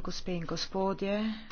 gospe in gospodje.